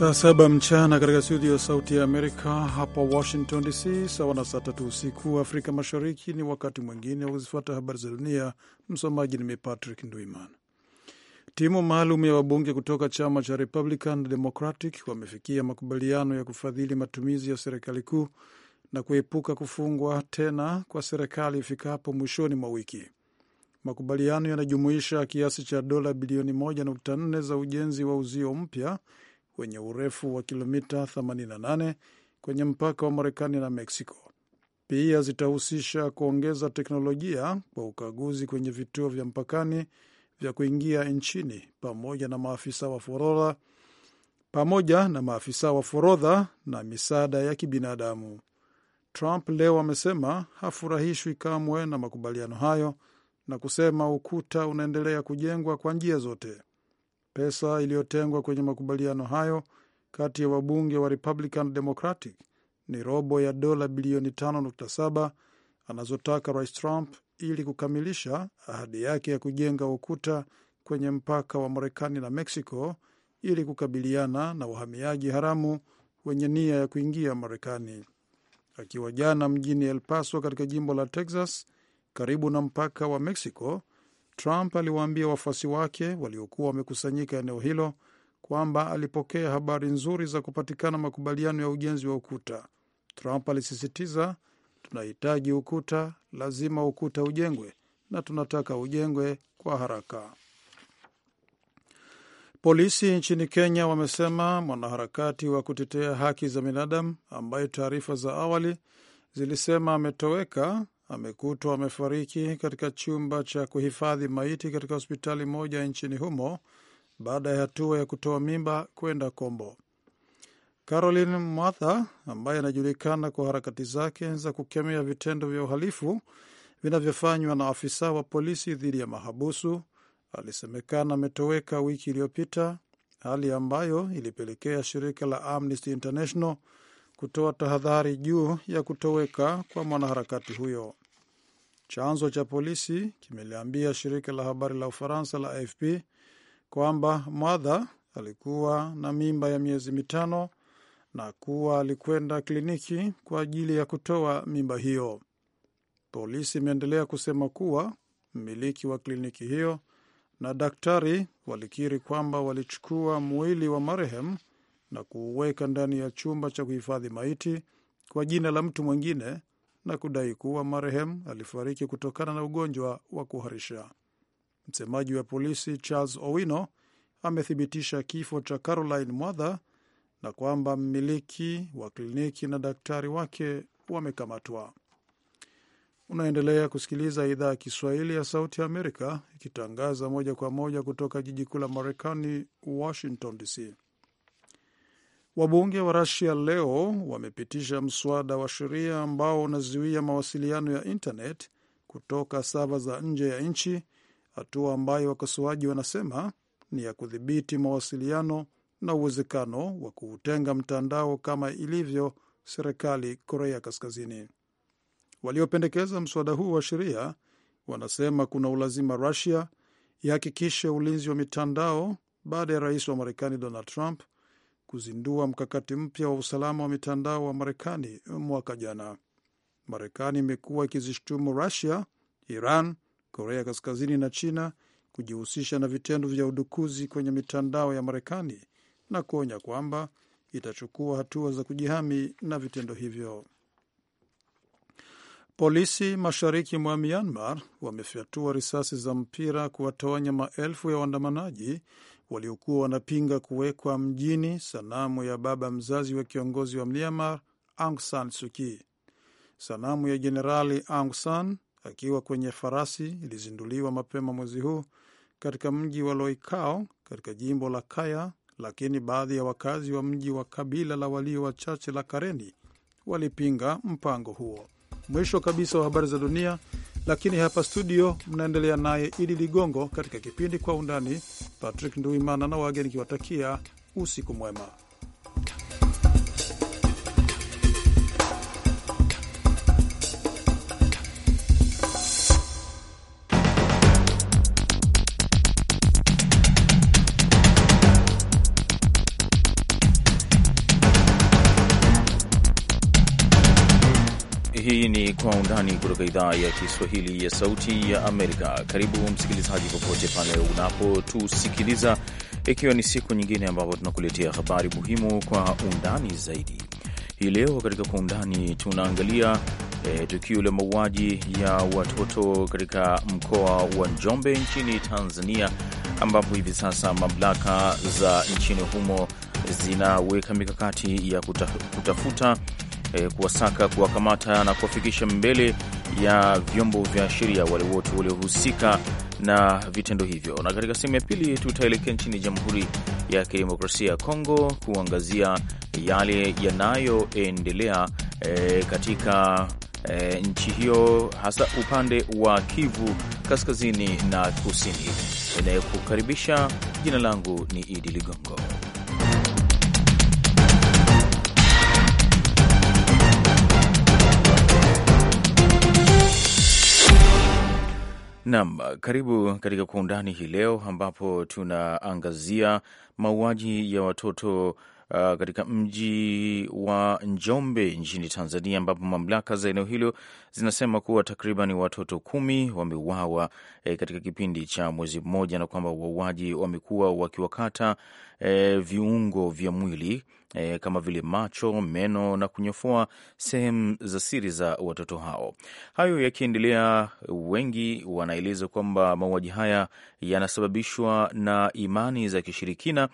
Saa saba mchana katika studio ya Sauti ya Amerika hapa Washington DC, sawa na saa tatu usiku Afrika Mashariki. Ni wakati mwingine wa kuzifuata habari za dunia. Msomaji ni mimi Patrick Ndwiman. Timu maalum ya wabunge kutoka chama cha Republican Democratic wamefikia makubaliano ya kufadhili matumizi ya serikali kuu na kuepuka kufungwa tena kwa serikali ifikapo mwishoni mwa wiki. Makubaliano yanajumuisha kiasi cha dola bilioni 1.4 za ujenzi wa uzio mpya wenye urefu wa kilomita 88 kwenye mpaka wa Marekani na Mexico. Pia zitahusisha kuongeza teknolojia kwa ukaguzi kwenye vituo vya mpakani vya kuingia nchini pamoja na maafisa wa forodha pamoja na maafisa wa forodha na misaada ya kibinadamu. Trump leo amesema hafurahishwi kamwe na makubaliano hayo na kusema ukuta unaendelea kujengwa kwa njia zote. Pesa iliyotengwa kwenye makubaliano hayo kati ya wabunge wa Republican Democratic ni robo ya dola bilioni 5.7 anazotaka Rais Trump ili kukamilisha ahadi yake ya kujenga ukuta kwenye mpaka wa Marekani na Mexico ili kukabiliana na wahamiaji haramu wenye nia ya kuingia Marekani. Akiwa jana mjini El Paso katika jimbo la Texas karibu na mpaka wa Mexico, Trump aliwaambia wafuasi wake waliokuwa wamekusanyika eneo hilo kwamba alipokea habari nzuri za kupatikana makubaliano ya ujenzi wa ukuta. Trump alisisitiza, tunahitaji ukuta, lazima ukuta ujengwe na tunataka ujengwe kwa haraka. Polisi nchini Kenya wamesema mwanaharakati wa kutetea haki za binadamu ambaye taarifa za awali zilisema ametoweka amekutwa amefariki katika chumba cha kuhifadhi maiti katika hospitali moja nchini humo baada ya hatua ya kutoa mimba kwenda kombo. Caroline Mwatha ambaye anajulikana kwa harakati zake za kukemea vitendo vya uhalifu vinavyofanywa na afisa wa polisi dhidi ya mahabusu alisemekana ametoweka wiki iliyopita, hali ambayo ilipelekea shirika la Amnesty International kutoa tahadhari juu ya kutoweka kwa mwanaharakati huyo. Chanzo cha polisi kimeliambia shirika la habari la Ufaransa la AFP kwamba Mwadha alikuwa na mimba ya miezi mitano na kuwa alikwenda kliniki kwa ajili ya kutoa mimba hiyo. Polisi imeendelea kusema kuwa mmiliki wa kliniki hiyo na daktari walikiri kwamba walichukua mwili wa marehemu na kuuweka ndani ya chumba cha kuhifadhi maiti kwa jina la mtu mwingine na kudai kuwa marehemu alifariki kutokana na ugonjwa wa kuharisha. Msemaji wa polisi Charles Owino amethibitisha kifo cha Caroline Mwadha na kwamba mmiliki wa kliniki na daktari wake wamekamatwa. Unaendelea kusikiliza idhaa ya Kiswahili ya Sauti ya Amerika ikitangaza moja kwa moja kutoka jiji kuu la Marekani, Washington DC. Wabunge wa Rasia leo wamepitisha mswada wa sheria ambao unazuia mawasiliano ya intanet kutoka sava za nje ya nchi, hatua ambayo wakosoaji wanasema ni ya kudhibiti mawasiliano na uwezekano wa kuutenga mtandao kama ilivyo serikali Korea Kaskazini. Waliopendekeza mswada huu wa sheria wanasema kuna ulazima Rusia ihakikishe ulinzi wa mitandao baada ya rais wa Marekani Donald Trump kuzindua mkakati mpya wa usalama wa mitandao wa Marekani mwaka jana. Marekani imekuwa ikizishtumu Rusia, Iran, Korea Kaskazini na China kujihusisha na vitendo vya udukuzi kwenye mitandao ya Marekani na kuonya kwamba itachukua hatua za kujihami na vitendo hivyo. Polisi mashariki mwa Myanmar wamefyatua risasi za mpira kuwatawanya maelfu ya waandamanaji waliokuwa wanapinga kuwekwa mjini sanamu ya baba mzazi wa kiongozi wa Myanmar Aung San Suu Kyi. Sanamu ya Jenerali Aung San akiwa kwenye farasi ilizinduliwa mapema mwezi huu katika mji wa loikao katika jimbo la Kaya, lakini baadhi ya wakazi wa mji wa kabila la walio wachache la Kareni walipinga mpango huo. Mwisho kabisa wa habari za dunia, lakini hapa studio mnaendelea naye Idi Ligongo katika kipindi Kwa Undani. Patrick Nduimana na wageni kiwatakia usiku mwema. undani kutoka idhaa ya Kiswahili ya Sauti ya Amerika. Karibu msikilizaji, popote pale unapotusikiliza, ikiwa ni siku nyingine ambapo tunakuletea habari muhimu kwa undani zaidi. Hii leo katika kwa undani tunaangalia e, tukio la mauaji ya watoto katika mkoa wa Njombe nchini Tanzania, ambapo hivi sasa mamlaka za nchini humo zinaweka mikakati ya kuta, kutafuta eh, kuwasaka, kuwakamata na kuwafikisha mbele ya vyombo vya sheria wale wote waliohusika na vitendo hivyo. Na katika sehemu ya pili tutaelekea nchini Jamhuri ya Kidemokrasia ya Kongo kuangazia yale yanayoendelea eh, katika E, nchi hiyo hasa upande wa Kivu Kaskazini na Kusini. Inayekukaribisha jina langu ni Idi Ligongo. Naam, karibu katika Kwa Undani hii leo ambapo tunaangazia mauaji ya watoto Uh, katika mji wa Njombe nchini Tanzania ambapo mamlaka za eneo hilo zinasema kuwa takriban watoto kumi wameuawa e, katika kipindi cha mwezi mmoja, na kwamba wauaji wamekuwa wakiwakata e, viungo vya mwili e, kama vile macho, meno na kunyofoa sehemu za siri za watoto hao. Hayo yakiendelea, wengi wanaeleza kwamba mauaji haya yanasababishwa na imani za kishirikina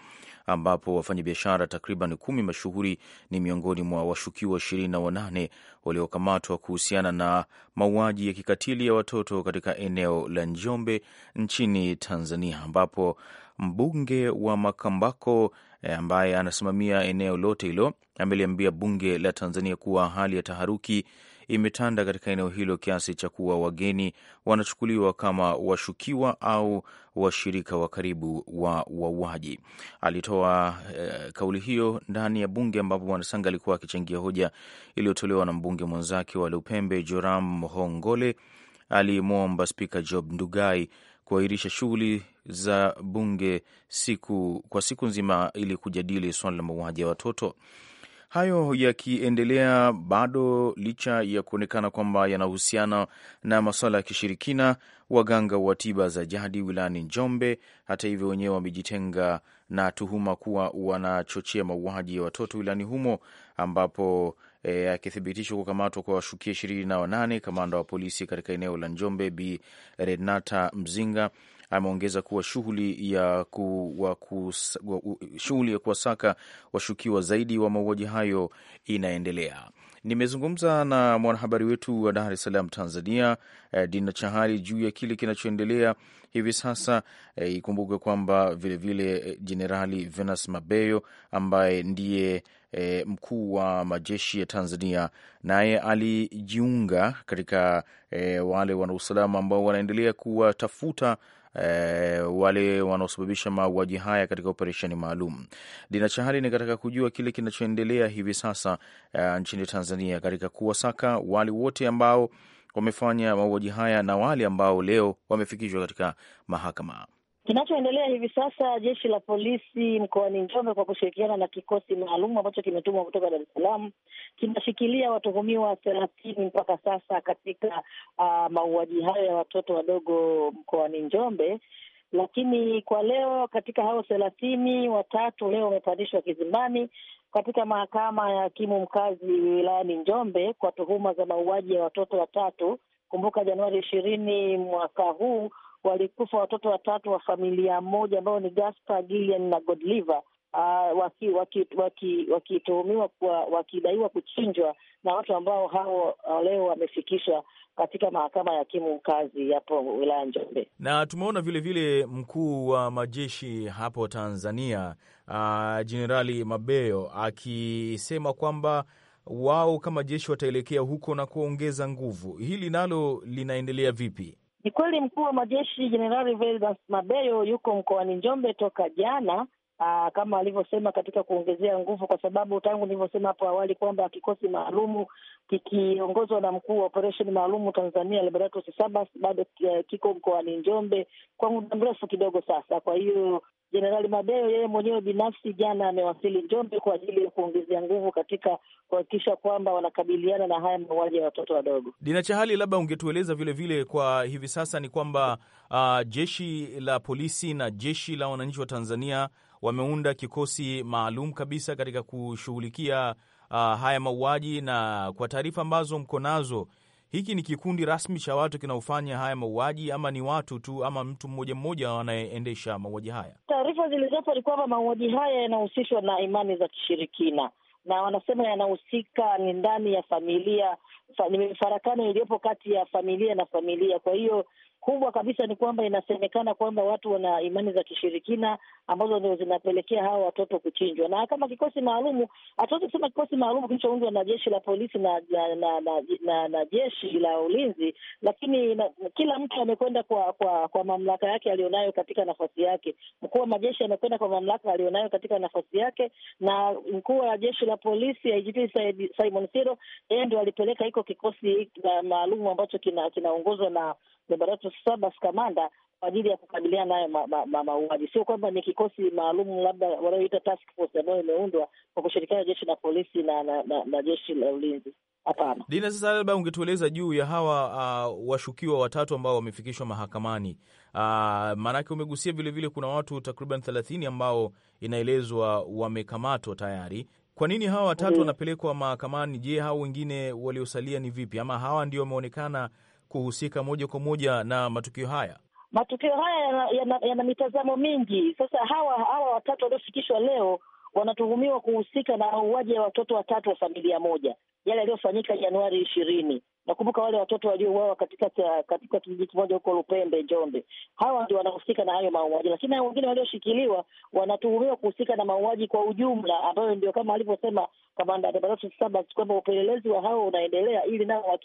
ambapo wafanyabiashara takriban kumi mashuhuri ni miongoni mwa washukiwa ishirini na wanane waliokamatwa kuhusiana na mauaji ya kikatili ya watoto katika eneo la Njombe nchini Tanzania, ambapo mbunge wa Makambako eh, ambaye anasimamia eneo lote hilo ameliambia bunge la Tanzania kuwa hali ya taharuki imetanda katika eneo hilo kiasi cha kuwa wageni wanachukuliwa kama washukiwa au washirika wa karibu wa wauaji. Alitoa e, kauli hiyo ndani ya bunge ambapo Mwanasanga alikuwa akichangia hoja iliyotolewa na mbunge mwenzake wa Lupembe Joram Mohongole aliyemwomba Spika Job Ndugai kuahirisha shughuli za bunge siku kwa siku nzima ili kujadili swala la mauaji ya watoto. Hayo yakiendelea bado, licha ya kuonekana kwamba yanahusiana na masuala ya kishirikina, waganga wa tiba za jadi wilayani Njombe, hata hivyo, wenyewe wamejitenga na tuhuma kuwa wanachochea mauaji ya watoto wilayani humo, ambapo e, akithibitishwa kukamatwa kwa washukia ishirini na wanane, kamanda wa polisi katika eneo la Njombe Bi Renata Mzinga ameongeza kuwa shughuli ya kuwasaka washukiwa zaidi wa mauaji hayo inaendelea. Nimezungumza na mwanahabari wetu wa Dar es Salaam, Tanzania, eh, Dina Chahali juu ya kile kinachoendelea hivi sasa. E, ikumbukwe kwamba vilevile e, Jenerali Venance Mabeyo ambaye ndiye e, mkuu wa majeshi ya Tanzania naye alijiunga katika e, wale wanausalama ambao wanaendelea kuwatafuta E, wale wanaosababisha mauaji haya katika operesheni maalum. Dina Chahali ni katika kujua kile kinachoendelea hivi sasa e, nchini Tanzania katika kuwasaka wale wote ambao wamefanya mauaji haya na wale ambao leo wamefikishwa katika mahakama. Kinachoendelea hivi sasa, jeshi la polisi mkoani Njombe kwa kushirikiana na kikosi maalum ambacho kimetumwa kutoka Dar es Salaam kinashikilia watuhumiwa thelathini mpaka sasa katika uh, mauaji hayo ya watoto wadogo mkoani Njombe. Lakini kwa leo katika hao thelathini, watatu leo wamepandishwa kizimbani katika mahakama ya hakimu mkazi wilayani Njombe kwa tuhuma za mauaji ya watoto watatu. Kumbuka Januari ishirini mwaka huu walikufa watoto watatu wa familia moja ambao ni Gaspar, Gillian na Godliver, uh, ah, wakituhumiwa waki, waki, waki wakidaiwa kuchinjwa na watu ambao hao leo wamefikishwa katika mahakama ya kimu mkazi hapo wilaya Njombe. Na tumeona vilevile mkuu wa majeshi hapo Tanzania ah, Jenerali uh, Mabeyo akisema kwamba wao kama jeshi wataelekea huko na kuongeza nguvu. Hili nalo linaendelea vipi? Ni kweli mkuu wa majeshi Jenerali Veldans Mabeyo yuko mkoani Njombe toka jana aa, ah, kama alivyosema katika kuongezea nguvu, kwa sababu tangu nilivyosema hapo awali kwamba kikosi maalumu kikiongozwa na mkuu wa operesheni maalumu Tanzania Liberatus Sabas bado eh, kiko mkoani Njombe kwa muda mrefu kidogo sasa. Kwa hiyo Jenerali Madeo yeye mwenyewe binafsi jana amewasili Njombe kwa ajili ya kuongezea nguvu katika kuhakikisha kwamba wanakabiliana na haya mauaji ya watoto wadogo. Dina Chahali, labda ungetueleza vilevile kwa hivi sasa ni kwamba uh, jeshi la polisi na jeshi la wananchi wa Tanzania wameunda kikosi maalum kabisa katika kushughulikia uh, haya mauaji. Na kwa taarifa ambazo mko nazo, hiki ni kikundi rasmi cha watu kinaofanya haya mauaji ama ni watu tu ama mtu mmoja mmoja wanaendesha mauaji haya? Taarifa zilizopo ni kwamba mauaji haya yanahusishwa na imani za kishirikina na wanasema yanahusika ni ndani ya familia, ni mifarakano iliyopo kati ya familia na familia. Kwa hiyo kubwa kabisa ni kwamba inasemekana kwamba watu wana imani za kishirikina ambazo ndio zinapelekea hawa watoto kuchinjwa. Na kama kikosi maalumu, hatuwezi kusema kikosi maalum kilichoundwa na jeshi la polisi na na na, na, na, na jeshi la ulinzi, lakini na, kila mtu amekwenda kwa, kwa kwa mamlaka yake aliyonayo katika nafasi yake. Mkuu wa majeshi amekwenda kwa mamlaka aliyonayo katika nafasi yake, na mkuu wa jeshi la polisi IGP Simon Siro, yeye ndio alipeleka hiko kikosi maalum ambacho kinaongozwa kina na Deodatus Sabas kamanda kwa ajili ya kukabiliana nayo mauaji ma, ma, sio kwamba ni kikosi maalum labda wanayoita task force ambayo imeundwa kwa kushirikiana jeshi la polisi na, na, na, na jeshi la ulinzi. Hapana. Dina, sasa labda ungetueleza juu ya hawa uh, washukiwa watatu ambao wamefikishwa mahakamani. Uh, maanake umegusia vilevile vile kuna watu takriban thelathini ambao inaelezwa wamekamatwa tayari. Kwa nini hawa watatu mm-hmm. wanapelekwa mahakamani? Je, hao wengine waliosalia ni vipi? Ama hawa ndio wameonekana kuhusika moja kwa moja na matukio haya? Matukio haya yana, yana, yana mitazamo mingi. Sasa hawa hawa watatu waliofikishwa leo wanatuhumiwa kuhusika na mauaji ya watoto watatu wa familia moja, yale yaliyofanyika Januari ishirini. Nakumbuka wale watoto waliouawa katika katika kijiji kimoja huko Lupembe, Njombe. Hawa ndio wanahusika na hayo mauaji, lakini hao wengine walioshikiliwa wanatuhumiwa kuhusika na mauaji kwa ujumla, ambayo ndio kama alivyosema kamanda Deodatus Sabas kwamba upelelezi wa hao unaendelea, ili nao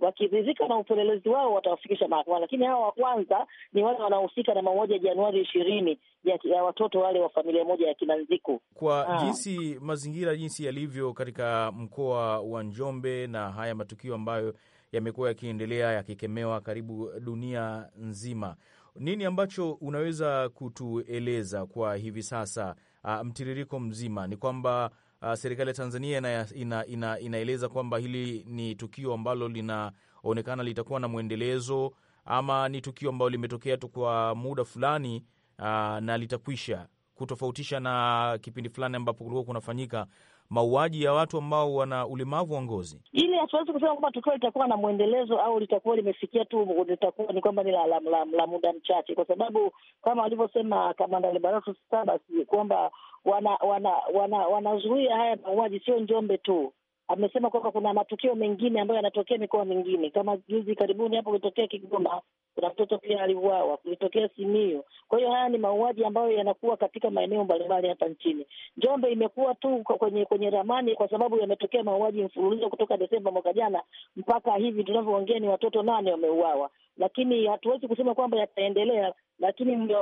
wakiridhika waki na upelelezi wao watawafikisha mahakamani. Lakini hawa wa kwanza ni wale wanaohusika na mauaji ya Januari ishirini ya watoto wale wa familia moja ya Kinanziku. Kwa ha, ah. jinsi mazingira jinsi yalivyo katika mkoa wa Njombe na haya matukio ambayo yamekuwa yakiendelea yakikemewa karibu dunia nzima. Nini ambacho unaweza kutueleza kwa hivi sasa, uh, mtiririko mzima? Ni kwamba uh, serikali ya Tanzania ina, ina, ina, inaeleza kwamba hili ni tukio ambalo linaonekana litakuwa na mwendelezo ama ni tukio ambalo limetokea tu kwa muda fulani uh, na litakwisha, kutofautisha na kipindi fulani ambapo kulikuwa kunafanyika mauaji ya watu ambao wana ulemavu wa ngozi. Ili hatuwezi kusema kwamba tukio litakuwa na mwendelezo au litakuwa limefikia tu, litakuwa ni kwamba ni la, la, la, la muda mchache, kwa sababu kama walivyosema kamanda Lebaratu Sabasi kwamba wanazuia wana, wana, wana haya mauaji, sio Njombe tu amesema kwamba kuna matukio mengine ambayo yanatokea mikoa mingine, kama juzi karibuni hapo kulitokea Kigoma, kuna mtoto pia aliuawa, kulitokea Simiyu. Kwa hiyo haya ni mauaji ambayo yanakuwa katika maeneo mbalimbali hapa nchini. Njombe imekuwa tu kwenye kwenye ramani kwa sababu yametokea mauaji mfululizo kutoka Desemba mwaka jana mpaka hivi tunavyoongea, ni watoto nane wameuawa, lakini hatuwezi kusema kwamba yataendelea lakini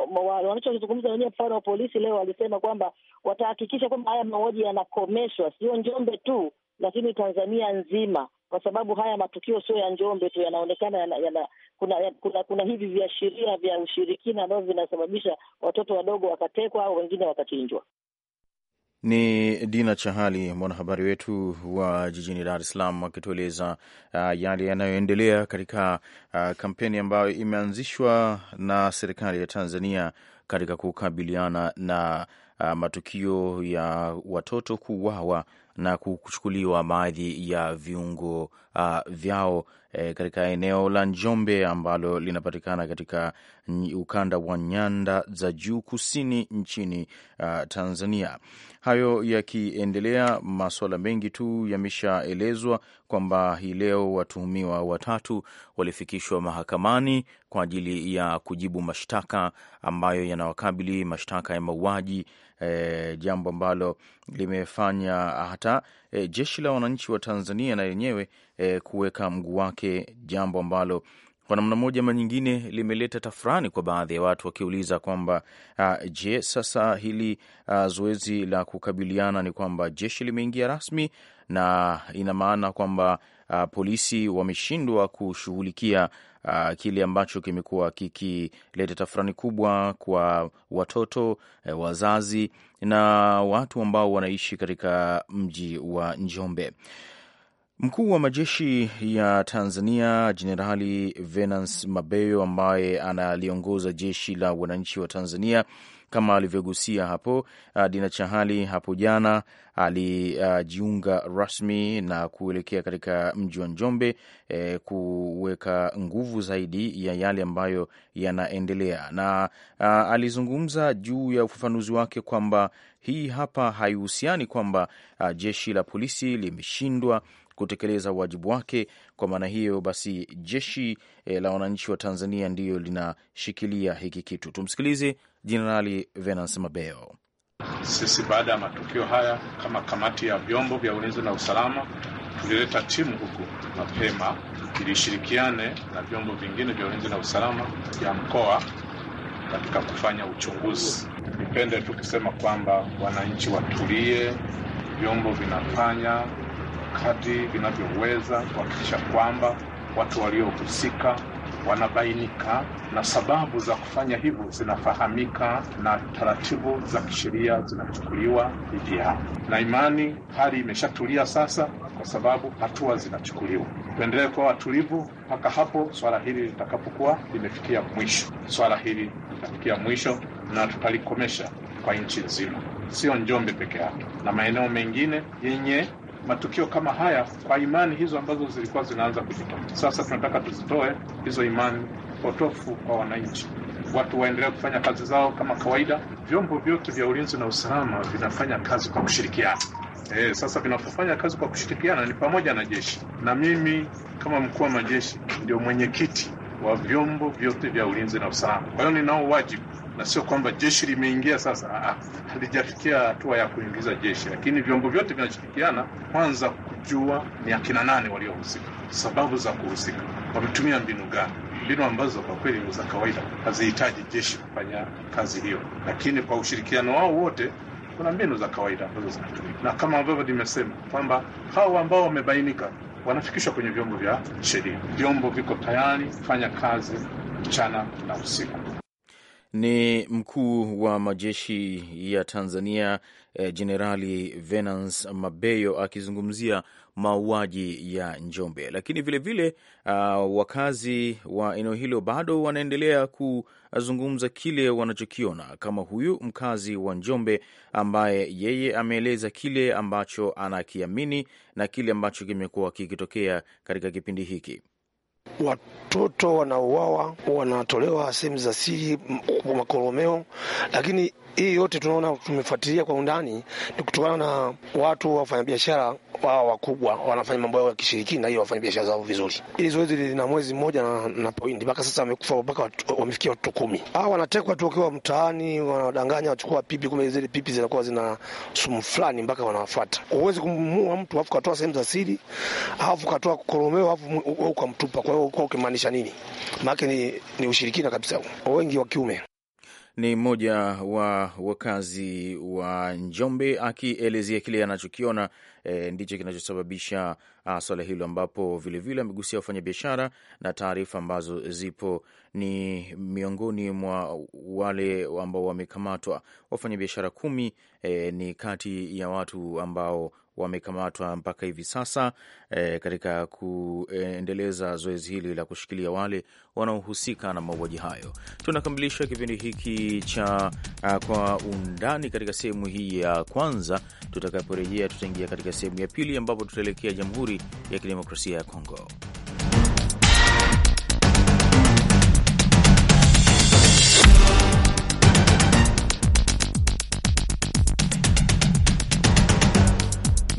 wanachozungumza wenyewe, mfano wa polisi leo walisema kwamba watahakikisha kwamba haya mauaji yanakomeshwa, sio Njombe tu, lakini Tanzania nzima, kwa sababu haya matukio sio ya Njombe tu, yanaonekana yana, yana, kuna, ya, kuna kuna hivi viashiria vya ushirikina ambavyo vinasababisha watoto wadogo wakatekwa au wengine wakachinjwa. Ni Dina Chahali, mwanahabari wetu wa jijini Dar es Salaam, akitueleza uh, yale yanayoendelea katika uh, kampeni ambayo imeanzishwa na serikali ya Tanzania katika kukabiliana na uh, matukio ya watoto kuuawa na kuchukuliwa baadhi ya viungo uh, vyao e, katika eneo la Njombe ambalo linapatikana katika ukanda wa nyanda za juu kusini nchini uh, Tanzania. Hayo yakiendelea, masuala mengi tu yameshaelezwa kwamba hii leo watuhumiwa watatu walifikishwa mahakamani kwa ajili ya kujibu mashtaka ambayo yanawakabili mashtaka ya mauaji e, jambo ambalo limefanya hata e, jeshi la wananchi wa Tanzania na lenyewe e, kuweka mguu wake, jambo ambalo kwa namna moja ama nyingine limeleta tafurani kwa baadhi ya watu wakiuliza kwamba uh, je, sasa hili uh, zoezi la kukabiliana ni kwamba jeshi limeingia rasmi na ina maana kwamba uh, polisi wameshindwa kushughulikia uh, kile ambacho kimekuwa kikileta tafurani kubwa kwa watoto eh, wazazi na watu ambao wanaishi katika mji wa Njombe. Mkuu wa majeshi ya Tanzania Jenerali Venance Mabeyo, ambaye analiongoza jeshi la wananchi wa Tanzania kama alivyogusia hapo uh, Dina Chahali, hapo jana alijiunga uh, rasmi na kuelekea katika mji wa Njombe e, kuweka nguvu zaidi ya yale ambayo yanaendelea, na a, uh, alizungumza juu ya ufafanuzi wake kwamba hii hapa haihusiani kwamba jeshi la polisi limeshindwa kutekeleza wajibu wake. Kwa maana hiyo basi, jeshi e, la wananchi wa Tanzania ndiyo linashikilia hiki kitu. Tumsikilize Jenerali Venance Mabeo. Sisi baada ya matukio haya, kama kamati ya vyombo vya ulinzi na usalama, tulileta timu huku mapema ilishirikiane na vyombo vingine vya ulinzi na usalama vya mkoa katika kufanya uchunguzi. Nipende tu kusema kwamba wananchi watulie, vyombo vinafanya kadri vinavyoweza kuhakikisha kwamba watu waliohusika wanabainika na sababu za kufanya hivyo zinafahamika na taratibu za kisheria zinachukuliwa dhidi yao. Na imani hali imeshatulia sasa, kwa sababu hatua zinachukuliwa. Tuendelee kuwa watulivu mpaka hapo swala hili litakapokuwa limefikia mwisho. Swala hili litafikia mwisho na tutalikomesha kwa nchi nzima, sio Njombe peke yake na maeneo mengine yenye matukio kama haya kwa imani hizo ambazo zilikuwa zinaanza kujitokeza. Sasa tunataka tuzitoe hizo imani potofu kwa wananchi, watu waendelee kufanya kazi zao kama kawaida. Vyombo vyote vya ulinzi na usalama vinafanya kazi kwa kushirikiana. E, sasa vinapofanya kazi kwa kushirikiana ni pamoja na jeshi, na mimi kama mkuu wa majeshi ndio mwenyekiti wa vyombo vyote vya ulinzi na usalama, kwa hiyo ninao wajibu na sio kwamba jeshi limeingia sasa. Ah, halijafikia hatua ya kuingiza jeshi, lakini vyombo vyote vinashirikiana kwanza kujua ni akina nane waliohusika, sababu za kuhusika, wametumia mbinu gani, mbinu ambazo kwa kweli za kawaida hazihitaji jeshi kufanya kazi hiyo, lakini kwa ushirikiano wao wote kuna mbinu za kawaida ambazo zinatumika, na kama ambavyo nimesema kwamba hao ambao wamebainika wanafikishwa kwenye vyombo vya sheria. Vyombo viko tayari kufanya kazi mchana na usiku ni mkuu wa majeshi ya Tanzania Jenerali eh, Venance Mabeyo akizungumzia mauaji ya Njombe. Lakini vilevile vile, uh, wakazi wa eneo hilo bado wanaendelea kuzungumza kile wanachokiona, kama huyu mkazi wa Njombe ambaye yeye ameeleza kile ambacho anakiamini na kile ambacho kimekuwa kikitokea katika kipindi hiki watoto wanauawa, wanatolewa sehemu za siri, makoromeo, lakini hii yote tunaona tumefuatilia kwa undani ni kutokana na watu wafanyabiashara wao wakubwa wanafanya mambo yao ya kishirikina hiyo wafanya biashara zao vizuri. Ili zoezi lina mwezi mmoja na, na pointi mpaka sasa wamekufa mpaka wamefikia watoto kumi. Hawa wanatekwa tu wakiwa mtaani, wanadanganya wachukua pipi, kumbe zile pipi zinakuwa zina sumu fulani mpaka wanawafuata. Huwezi kumua mtu afu katoa sehemu za siri afu katoa koromeo afu ukamtupa. Kwa hiyo ukimaanisha nini? Maake ni, ni ushirikina kabisa, wengi wa kiume ni mmoja wa wakazi wa Njombe akielezea kile anachokiona e, ndicho kinachosababisha swala hilo, ambapo vilevile amegusia wafanyabiashara na taarifa ambazo zipo ni miongoni mwa wale ambao wamekamatwa. Wafanyabiashara kumi e, ni kati ya watu ambao wamekamatwa mpaka hivi sasa e, katika kuendeleza zoezi hili la kushikilia wale wanaohusika na mauaji hayo. Tunakamilisha kipindi hiki cha a, kwa undani katika sehemu hii ya kwanza. Tutakaporejea tutaingia katika sehemu ya pili ambapo tutaelekea Jamhuri ya Kidemokrasia ya Kongo.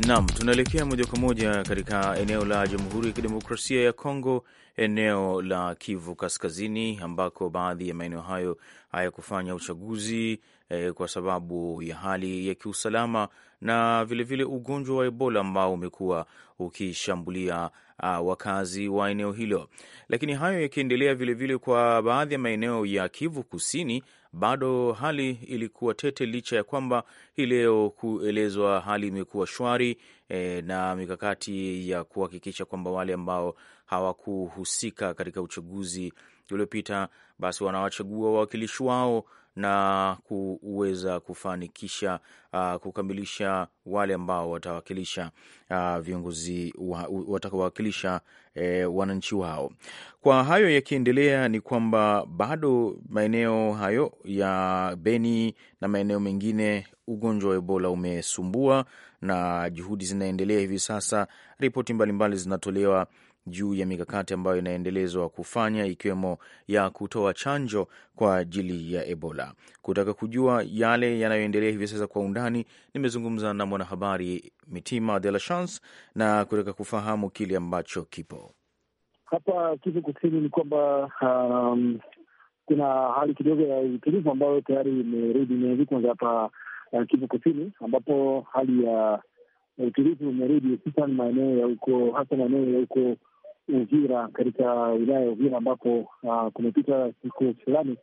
Naam, tunaelekea moja kwa moja katika eneo la Jamhuri ya Kidemokrasia ya Kongo, eneo la Kivu Kaskazini, ambako baadhi ya maeneo hayo hayakufanya uchaguzi eh, kwa sababu ya hali ya kiusalama na vilevile ugonjwa wa Ebola ambao umekuwa ukishambulia uh, wakazi wa eneo hilo. Lakini hayo yakiendelea, vilevile kwa baadhi ya maeneo ya Kivu Kusini bado hali ilikuwa tete, licha ya kwamba hii leo kuelezwa hali imekuwa shwari e, na mikakati ya kuhakikisha kwamba wale ambao hawakuhusika katika uchaguzi uliopita basi wanawachagua wawakilishi wao na kuweza kufanikisha uh, kukamilisha wale ambao watawakilisha uh, viongozi wa, watakawakilisha eh, wananchi wao. Kwa hayo yakiendelea, ni kwamba bado maeneo hayo ya Beni na maeneo mengine ugonjwa wa Ebola umesumbua na juhudi zinaendelea hivi sasa, ripoti mbalimbali zinatolewa juu ya mikakati ambayo inaendelezwa kufanya ikiwemo ya kutoa chanjo kwa ajili ya Ebola. Kutaka kujua yale yanayoendelea hivi sasa kwa undani, nimezungumza na mwanahabari Mitima De La Chance na kutaka kufahamu kile ambacho kipo hapa Kivu Kusini ni kwamba um, kuna hali kidogo ya utulivu ambayo tayari imerudi imeanzi kwanza hapa uh, Kivu Kusini, ambapo hali ya utulivu imerudi hususan maeneo ya huko hasa maeneo ya huko Uvira, katika wilaya ya Uvira ambapo uh, kumepita siku fulani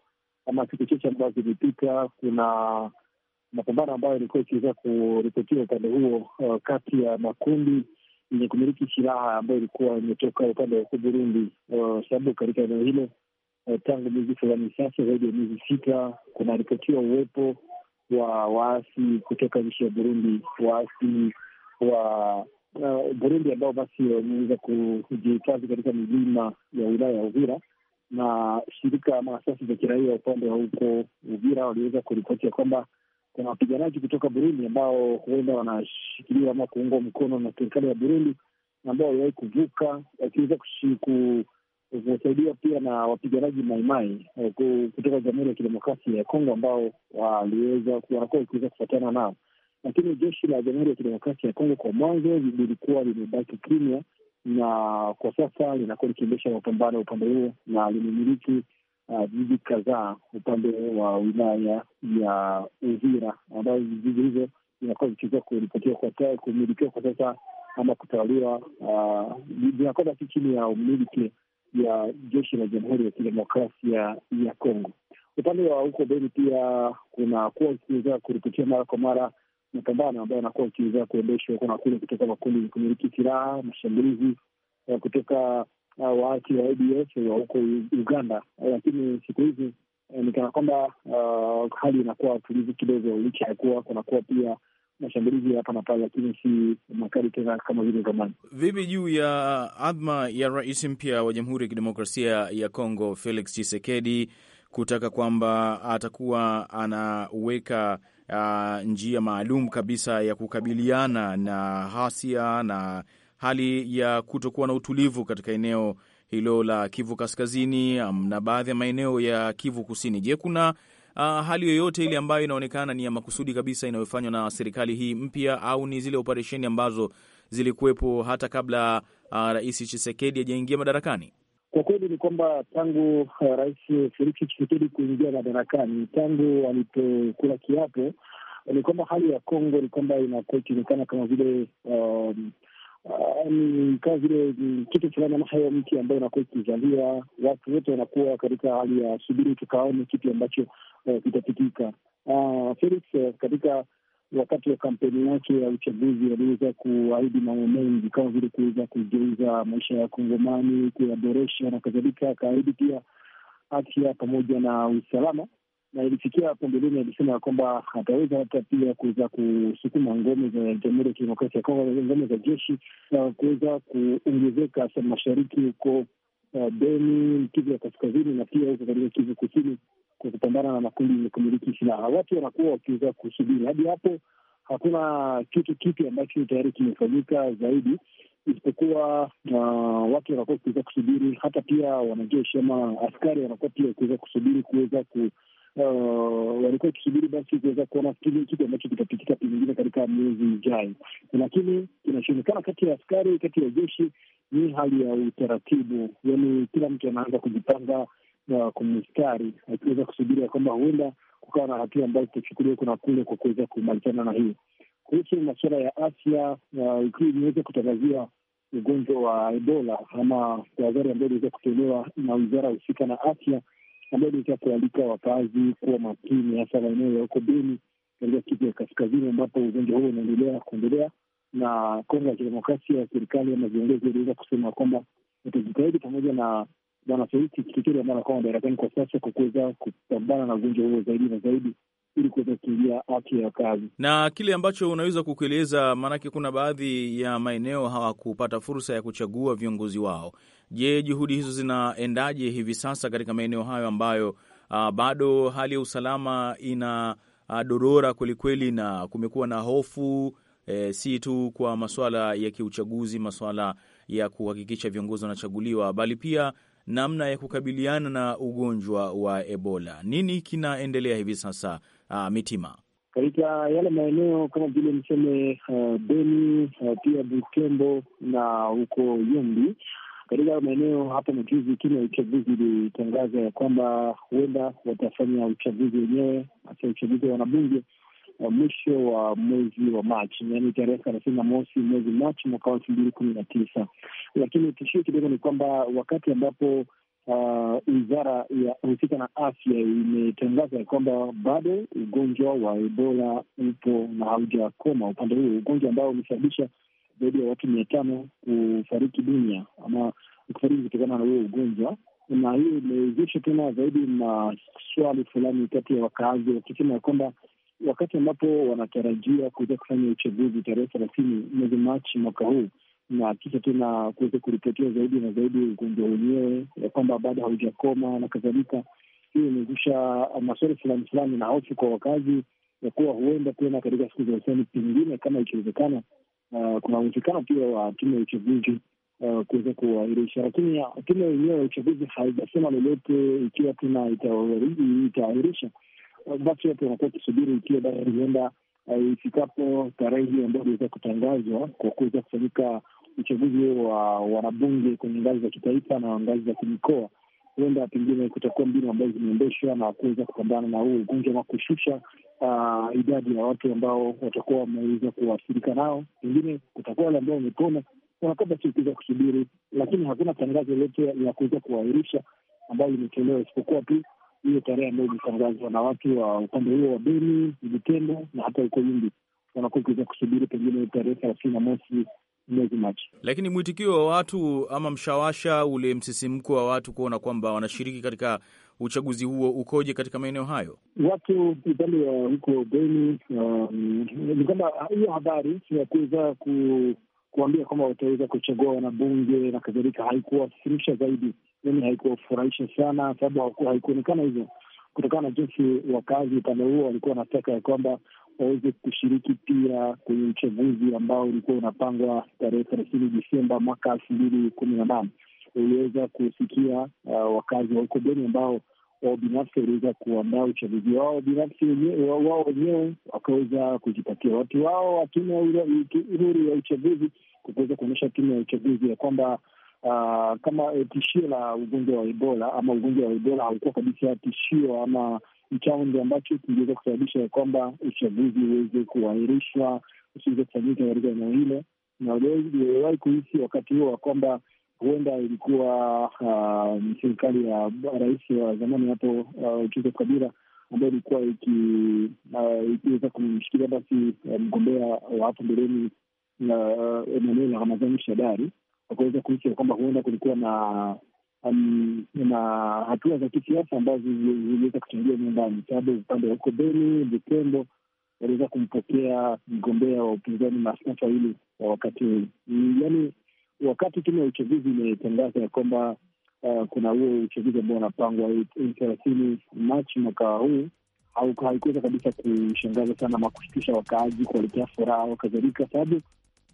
ama siku chache ambazo zimepita, kuna mapambano ambayo ilikuwa ikiweza kuripotiwa upande huo, uh, kati ya makundi yenye kumiliki silaha ambayo ilikuwa imetoka upande wa Burundi, uh, sababu katika eneo hilo uh, tangu miezi fulani sasa, zaidi ya miezi sita, kunaripotiwa uwepo wa waasi kutoka nchi ya Burundi, waasi wa uh, Burundi ambao basi wameweza kujihifadhi katika milima ya wilaya ya Uvira na shirika ama asasi za kiraia upande wa huko Uvira waliweza kuripoti ya kwamba kuna wapiganaji kutoka Burundi ambao huenda wanashikiliwa ama kuungwa mkono na serikali ya Burundi ambao waliwahi kuvuka wakiweza kusaidiwa pia na wapiganaji Maimai eh, kutoka Jamhuri ya Kidemokrasia ya Kongo ambao waliweza wanakuwa wakiweza kufuatana nao lakini jeshi la Jamhuri ya Kidemokrasia ya Kongo kwa mwanzo lilikuwa limebaki kimya, na kwa sasa linakuwa likiendesha mapambano upande huo na limemiliki uh, jiji uh, kadhaa upande wa wilaya ya Uvira ambayo vijiji hizo zinakuwa zikiweza kumilikiwa kwa sasa ama kutawaliwa, uh, zinakuwa basi chini ya umiliki ya jeshi la Jamhuri ya Kidemokrasia ya Kongo. Upande wa huko Beni pia kunakuwa ikiweza kuripotia mara kwa mara mapambano ambayo anakuwa akiweza kuendeshwa kuna kule kutoka makundi kumiliki silaha, mashambulizi eh, kutoka eh, waasi wa ADF wa huko Uganda. Eh, lakini siku hizi ni kana kwamba hali inakuwa tulivu kidogo, licha ya kuwa kunakuwa pia mashambulizi hapa na pale, lakini si makali tena kama vile zamani. Vipi juu ya adhma ya rais mpya wa Jamhuri ya Kidemokrasia ya Kongo Felix Tshisekedi kutaka kwamba atakuwa anaweka uh, njia maalum kabisa ya kukabiliana na hasia na hali ya kutokuwa na utulivu katika eneo hilo la Kivu Kaskazini um, na baadhi ya maeneo ya Kivu Kusini. Je, kuna uh, hali yoyote ile ambayo inaonekana ni ya makusudi kabisa inayofanywa na serikali hii mpya au ni zile operesheni ambazo zilikuwepo hata kabla uh, Rais Tshisekedi hajaingia madarakani? Kwa kweli ni kwamba tangu uh, Rais Felix Tshisekedi kuingia madarakani, tangu alipokula kiapo, ni kwamba hali ya Kongo ni kwamba inakuwa ikionekana kama vile um, Um, kama vile kitu fulani ama hayo mti ambayo inakuwa ikizalia, watu wote wanakuwa katika hali ya subiri tukaone kitu ambacho uh, kitapitika. Uh, Felix uh, katika wakati wa kampeni yake ya uchaguzi waliweza kuahidi mambo mengi kama vile kuweza kugeuza maisha ya Kongomani, kuyaboresha na kadhalika. Akaahidi pia afya pamoja na usalama, na ilifikia hapo mbeleni alisema ya kwamba ataweza hata pia kuweza kusukuma ngome za Jamhuri ya Kidemokrasia ya Kongo, ngome za jeshi na kuweza kuongezeka mashariki huko eh, Beni, Kivu ya kaskazini na pia huko katika Kivu kusini kwa kupambana na makundi yenye kumiliki silaha. Watu wanakuwa wakiweza kusubiri hadi hapo. Hakuna kitu kipi ambacho tayari kimefanyika zaidi, isipokuwa uh, watu wanakuwa wakiweza kusubiri. Hata pia wanajeshi ama askari wanakuwa pia wakiweza kusubiri kuweza ku Uh, walikuwa wakisubiri basi kuweza kuona kile kitu ambacho kitapitika pengine katika miezi ijayo, lakini kinashindikana. Kati ya askari, kati ya jeshi, ni hali ya utaratibu, yani kila mtu anaanza kujipanga ya kumistari, akiweza kusubiri ya kwamba huenda kukawa na hatua ambazo zitachukuliwa kuna kule kwa kuweza kumalizana na hiyo. Kuhusu masuala ya afya, uh, ikiwa imeweza kutangazia ugonjwa wa Ebola ama tahadhari ambayo iliweza kutolewa na wizara husika na afya, ambayo iliweza kualika wakazi kuwa makini, hasa maeneo ya huko Beni katika Kivu ya Kaskazini ambapo ugonjwa huo unaendelea kuendelea na Kongo ya Kidemokrasia serikali ama viongozi waliweza kusema kwamba watajitahidi pamoja na wanashiriki kitu ambayo kwamba Marekani kwa sasa kwa kuweza kupambana na ugonjwa huo zaidi na zaidi ili kuweza kuingia afya ya kazi na kile ambacho unaweza kukieleza, maanake kuna baadhi ya maeneo hawakupata fursa ya kuchagua viongozi wao. Je, juhudi hizo zinaendaje hivi sasa katika maeneo hayo ambayo uh, bado hali ya usalama ina uh, dorora kwelikweli na kumekuwa na hofu e, si tu kwa masuala ya kiuchaguzi, masuala ya kuhakikisha viongozi wanachaguliwa, bali pia namna ya kukabiliana na ugonjwa wa Ebola. Nini kinaendelea hivi sasa, uh, Mitima? Katika yale maeneo kama vile mseme uh, Beni uh, pia Butembo na huko Yumbi, katika maeneo hapa majuzi, tume ya uchaguzi ilitangaza ya kwamba huenda watafanya uchaguzi wenyewe, hasa uchaguzi wa wanabunge wa eh, mwisho wa mwezi wa Machi, yani tarehe thelathini na mosi mwezi Machi mwaka wa elfu mbili kumi na tisa. Lakini tishio kidogo ni kwamba wakati ambapo eh, wizara uh, ya husika na afya imetangaza ya kwamba bado ugonjwa wa Ebola upo na haujakoma upande huo, ugonjwa ambao umesababisha zaidi ya watu mia tano kufariki dunia ama kufariki kutokana na huo ugonjwa na hiyo imewezesha tena zaidi maswali fulani kati ya wakaazi wakisema ya kwamba wakati ambapo wanatarajia kuweza kufanya uchaguzi tarehe thelathini mwezi Machi mwaka huu, na kisha tena kuweza kuripotia zaidi na zaidi ugonjwa wenyewe ya kwamba bado haujakoma na kadhalika. Hiyo imezusha maswali fulani fulani na hofu kwa wakazi ya kuwa huenda tena katika siku za usoni, pengine kama ikiwezekana, uh, kuna uwezekano pia wa tume ya uchaguzi uh, kuweza kuahirisha, lakini tume yenyewe ya uchaguzi haijasema lolote ikiwa tena itaahirisha basi watu wanakuwa wakisubiri ikiwa basi huenda eh, ifikapo tarehe hiyo ambayo iliweza kutangazwa kwa kuweza kufanyika uchaguzi huo wa wanabunge kwenye ngazi za kitaifa na ngazi za kimikoa, huenda pengine kutakuwa mbinu ambazo zimeendeshwa na kuweza kupambana na huu ugonjwa ama kushusha uh, idadi ya watu ambao watakuwa wameweza kuathirika nao. Pengine kutakuwa wale ambao wamepona wanakuwa basi ukiweza kusubiri, lakini hakuna tangazo lote la kuweza kuahirisha ambayo limetolewa isipokuwa tu hiyo tarehe ambayo imetangazwa na watu wa upande huo wa Beni, Vitendo na hata huko Yumbi wanakuwa ukiweza kusubiri pengine tarehe thelathini na mosi mwezi Machi. Lakini mwitikio wa watu ama mshawasha ule msisimko wa watu kuona kwamba wanashiriki katika uchaguzi huo ukoje katika maeneo hayo? Watu upande wa huko Beni um, ni kwamba hiyo habari ya kuweza kuambia kwamba wataweza kuchagua wanabunge na kadhalika haikuwasisimsha zaidi yani haikuwafurahisha sana, sababu haikuonekana hivyo kutokana na jinsi wakazi upande huo walikuwa wanataka ya kwamba waweze kushiriki pia kwenye uchaguzi ambao ulikuwa unapangwa tarehe thelathini Desemba mwaka elfu mbili kumi na nane. Uliweza kusikia uh, wakazi wa huko Beni ambao wao binafsi waliweza kuandaa uchaguzi wao binafsi wao wenyewe, wakaweza kujipatia watu wao wa tume huru ya uchaguzi kwa kuweza kuonyesha tume ya uchaguzi ya kwamba uh, kama uh, tishio la ugonjwa wa Ebola ama ugonjwa wa Ebola haukuwa kabisa tishio ama mchawndi ambacho kingeweza kusababisha ya kwamba uchaguzi uweze kuahirishwa usiweze kufanyika katika eneo hilo, na waliwahi kuhisi wakati huo wa kwamba huenda ilikuwa uh, serikali ya rais wa zamani hapo uh, Joseph Kabila ambayo ilikuwa ikiweza uh, kumshikilia basi eh, mgombea um, wa hapo mbeleni Emmanuel Ramazani Shadari kuweza kuisha kwamba huenda kulikuwa na Um, na hatua za kisiasa ambazo ziliweza kuchangia nyumbani sababu upande wa Kobeni Butembo waliweza kumpokea mgombea wa upinzani Mastata hili wa wakati huu, yaani wakati tume ya uchaguzi imetangaza ya kwamba uh, kuna huo uchaguzi ambao unapangwa thelathini Machi mwaka huu, haikuweza kabisa kushangaza sana ama kushikisha wakaaji kuwaletea furaha kadhalika, sababu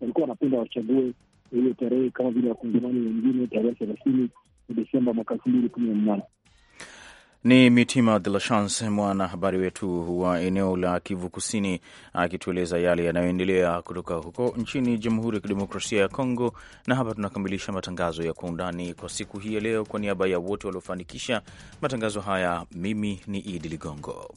walikuwa wanapenda wachague hiyo tarehe kama vile wakongomani wengine, tarehe thelathini Desemba mwaka elfu mbili kumi na nane. Ni Mitima de la Chance, mwanahabari wetu wa eneo la Kivu Kusini, akitueleza yale yanayoendelea kutoka huko nchini Jamhuri ya Kidemokrasia ya Kongo. Na hapa tunakamilisha matangazo ya Kwa Undani kwa siku hii ya leo. Kwa niaba ya wote waliofanikisha matangazo haya, mimi ni Idi Ligongo.